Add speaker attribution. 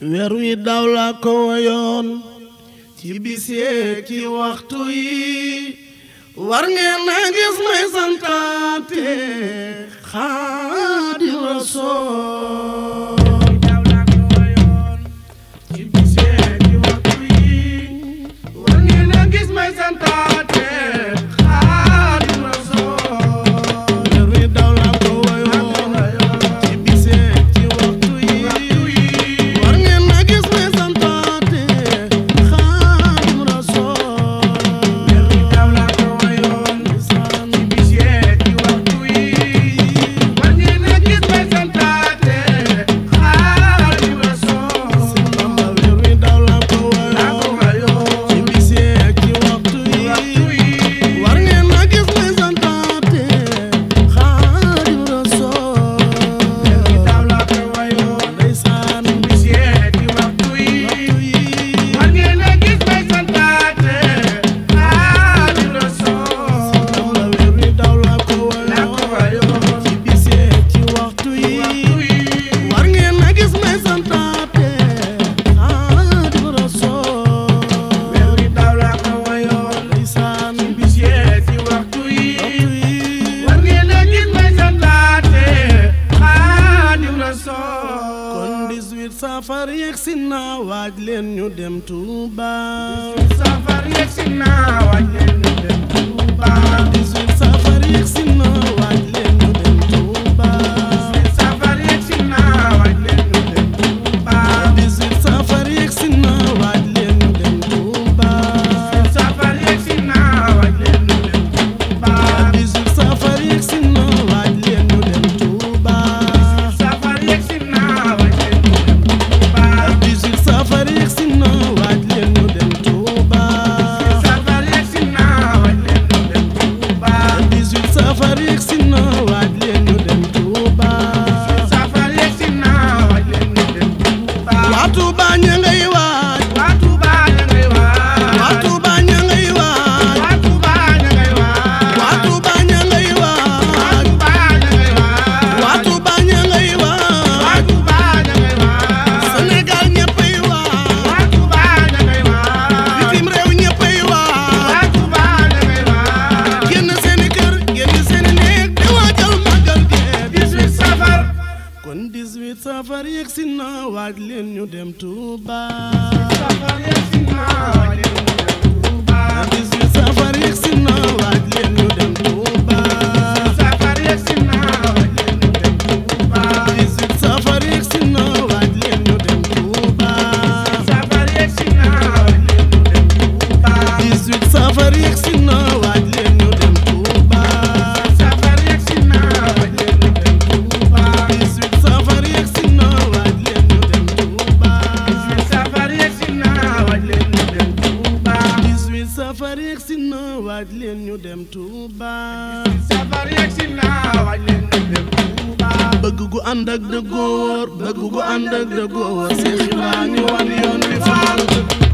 Speaker 1: weer wi daaw laa ko woyoon ci bis yee ci waxtu yi war ngeen na gis bismil safar yegsi na waaj leen ñu dem Tuuba bismil safar yegsi na waaj leen ñu dem safari safar yëg si na waaj leen ñu dem Touba. safar yëg si na waaj leen ñu dem Touba. safar yëg si na waaj leen ñu dem Touba. safar yëg si na waaj leen ñu dem Touba. safar yëg si na waaj leen ñu dem Touba. safar yëg si na waaj leen ñu dem Touba. safar yëg si yegsi na waaj leen ñu dem Touba safar yegsi na waaj leen ñu dem Touba bëgg gu ànd ak dëggoo